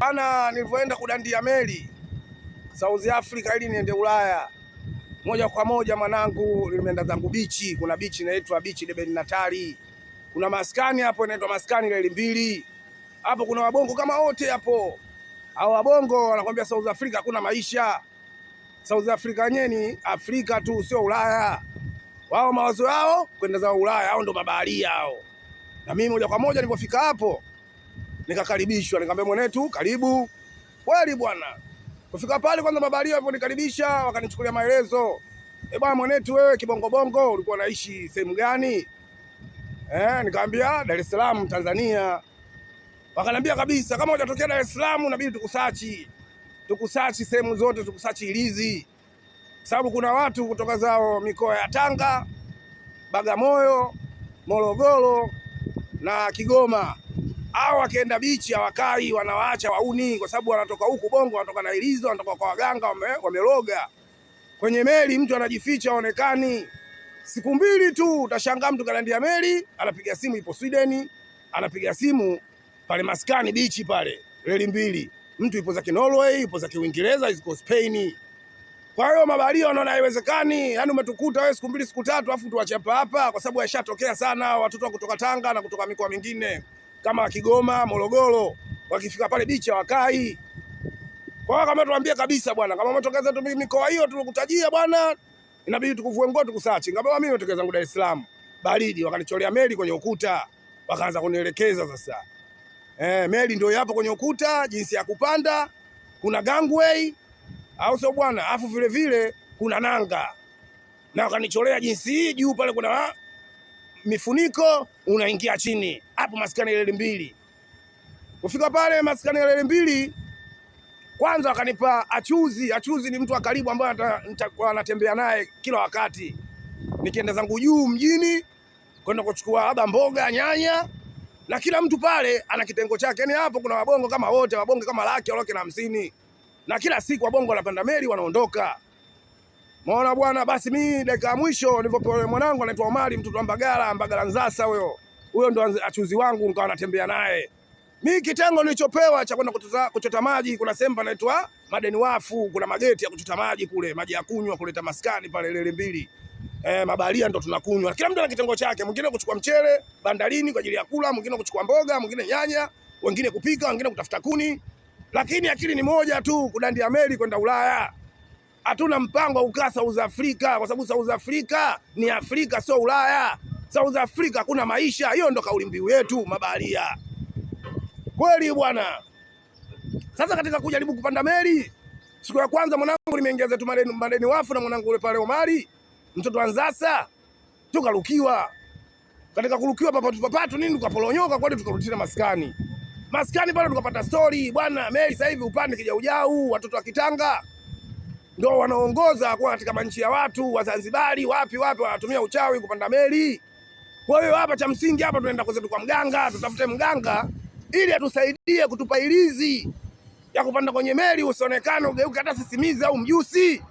Bana, nilivyoenda kudandia meli South Africa ili niende Ulaya moja kwa moja, mwanangu, nimeenda zangu bichi. Kuna bichi inaitwa bichi Deben Natali, kuna maskani hapo inaitwa maskani leli mbili hapo, kuna wabongo kama wote hapo. Hao wabongo wanakwambia South Africa hakuna maisha. South Africa yenyewe ni Afrika tu, sio Ulaya. Wao mawazo yao kwenda za Ulaya, hao ndo mabaharia hao. Na mimi moja kwa moja nilipofika hapo nikakaribishwa, nikamwambia mwenetu, karibu kweli bwana. Kufika pale kwanza, mabalia walivyonikaribisha wakanichukulia maelezo, e bwana mwenetu, wewe kibongo bongo ulikuwa unaishi sehemu gani? Eh, nikamwambia Dar es Salaam Tanzania. Wakanambia kabisa, kama hujatokea Dar es Salaam inabidi tukusachi, tukusachi sehemu zote, tukusachi ilizi, sababu kuna watu kutoka zao mikoa ya Tanga, Bagamoyo, Morogoro na Kigoma. Hao wakienda bichi hawakai, wanawaacha wauni, kwa sababu wanatoka huku Bongo, wanatoka na ilizo, wanatoka kwa waganga, wameroga wame kwenye meli, mtu anajificha aonekani. Siku mbili tu utashangaa mtu kalandia meli, anapiga simu ipo Sweden, anapiga simu pale maskani bichi pale, reli mbili, mtu ipo za Norway, ipo za Uingereza, iko Spain. Kwa hiyo mabaharia wanaona haiwezekani, yani umetukuta wewe siku mbili siku tatu afu tuwache hapa hapa, kwa sababu yashatokea sana watoto kutoka Tanga na kutoka mikoa mingine kama Kigoma, Morogoro, wakifika pale bichi hawakai. Kwa hiyo kama tuambie kabisa bwana, kama umetokeza tu mikoa hiyo tulokutajia bwana, inabidi tukuvue nguo tukusachi. Ngabao mimi nimetokeza zangu Dar es Salaam, baridi, wakanicholea meli kwenye ukuta, wakaanza kunielekeza sasa. Eh, meli ndio yapo kwenye ukuta, jinsi ya kupanda, kuna gangway au sio bwana? Afu vile vile kuna nanga na wakanicholea jinsi hii juu pale kuna mifuniko, unaingia chini hapo maskani leli mbili. Kufika pale maskani leli mbili, kwanza wakanipa achuzi. Achuzi ni mtu wa karibu ambaye anatembea naye kila wakati nikienda zangu juu mjini kwenda kuchukua labda mboga, nyanya na kila mtu pale ana kitengo chake. Yani hapo kuna wabongo kama wote, wabongo kama laki, laki na hamsini, na kila siku wabongo wanapanda meli wanaondoka. Maona bwana, basi mimi dakika ya mwisho nilivyopewa mwanangu anaitwa Omari mtoto wa Mbagala, Mbagala Nzasa huyo. Huyo ndo achuzi wangu nikawa natembea naye. Mimi kitengo nilichopewa cha kwenda kuchota maji, kuna sehemu panaitwa Madeni Wafu, kuna mageti ya kuchota maji kule, maji ya kunywa kuleta maskani pale lele mbili. Eh, mabalia ndo tunakunywa. Kila mtu ana kitengo chake, mwingine kuchukua mchele bandarini kwa ajili ya kula, mwingine kuchukua mboga, mwingine nyanya, wengine kupika, wengine kutafuta kuni. Lakini akili ni moja tu, kudandia meli kwenda Ulaya hatuna mpango wa kukaa South Africa kwa sababu South Africa ni Afrika sio Ulaya. South Africa kuna maisha. Hiyo ndo kauli mbiu yetu mabaharia, kweli bwana. Sasa katika kujaribu kupanda meli, siku ya kwanza mwanangu nimeongeza tu madeni, madeni wafu na mwanangu yule pale Omari, mtoto wa Nzasa, tukarukiwa. Katika kurukiwa papatu papatu nini, tukapolonyoka kwani, tukarudishana maskani maskani pale, tukapata stori bwana, meli sasa hivi upande kija Kijaujau, watoto wa Kitanga ndio wanaongoza kuwa katika manchi ya watu Wazanzibari wapi wapi, wanatumia uchawi kupanda meli. Kwa hiyo hapa cha msingi hapa tunaenda kwetu kwa mganga, tutafute mganga ili atusaidie kutupa ilizi ya kupanda kwenye meli, usionekane ugeuke hata sisimizi au mjusi.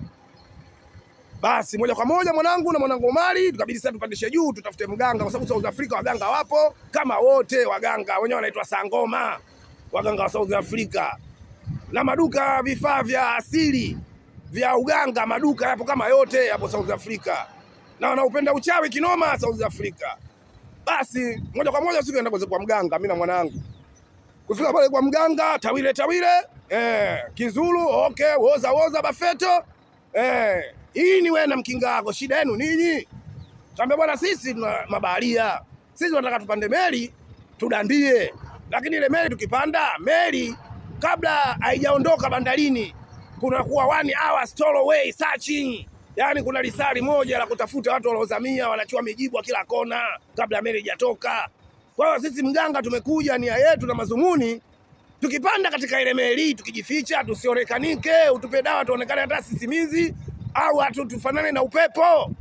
Basi moja kwa moja mwanangu na mwanangu Omari, tukabidi sasa tupandishe juu, tutafute mganga, kwa sababu South Africa waganga wapo kama wote. Waganga wenyewe wanaitwa sangoma, waganga wa South Africa na maduka vifaa vya asili vya uganga, maduka yapo kama yote yapo South Africa, na wanaupenda uchawi kinoma South Africa. Basi moja kwa moja sikuenda naenda kwa mganga mimi na mwanangu, kufika pale kwa mganga tawile tawile, eh, kizulu okay, woza woza, bafeto eh, hii ni wewe na mkinga wako, shida yenu ninyi. Tuambia bwana, sisi tuna mabaharia, sisi tunataka tupande meli tudandie, lakini ile meli tukipanda meli kabla haijaondoka bandarini kunakuwa one hour stall away searching, yaani kuna risari moja la kutafuta watu waliozamia, wanachua mijibu kila kona kabla meli hajatoka. Kwa hiyo sisi mganga, tumekuja nia yetu na mazumuni, tukipanda katika ile meli tukijificha, tusionekanike, utupe dawa tuonekane hata sisimizi au hatu tufanane na upepo.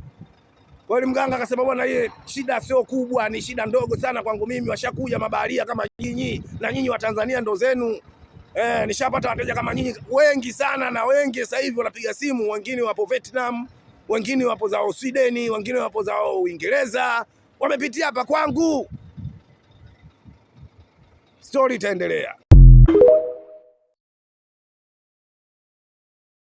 Kwa hiyo mganga akasema, bwana, yeye shida sio kubwa, ni shida ndogo sana kwangu mimi. Washakuja mabaharia kama nyinyi na nyinyi Watanzania ndo zenu Eh, nishapata wateja kama nyinyi wengi sana, na wengi sasa hivi wanapiga simu, wengine wapo Vietnam, wengine wapo zao Sweden, wengine wapo zao Uingereza, wamepitia hapa kwangu. Stori itaendelea.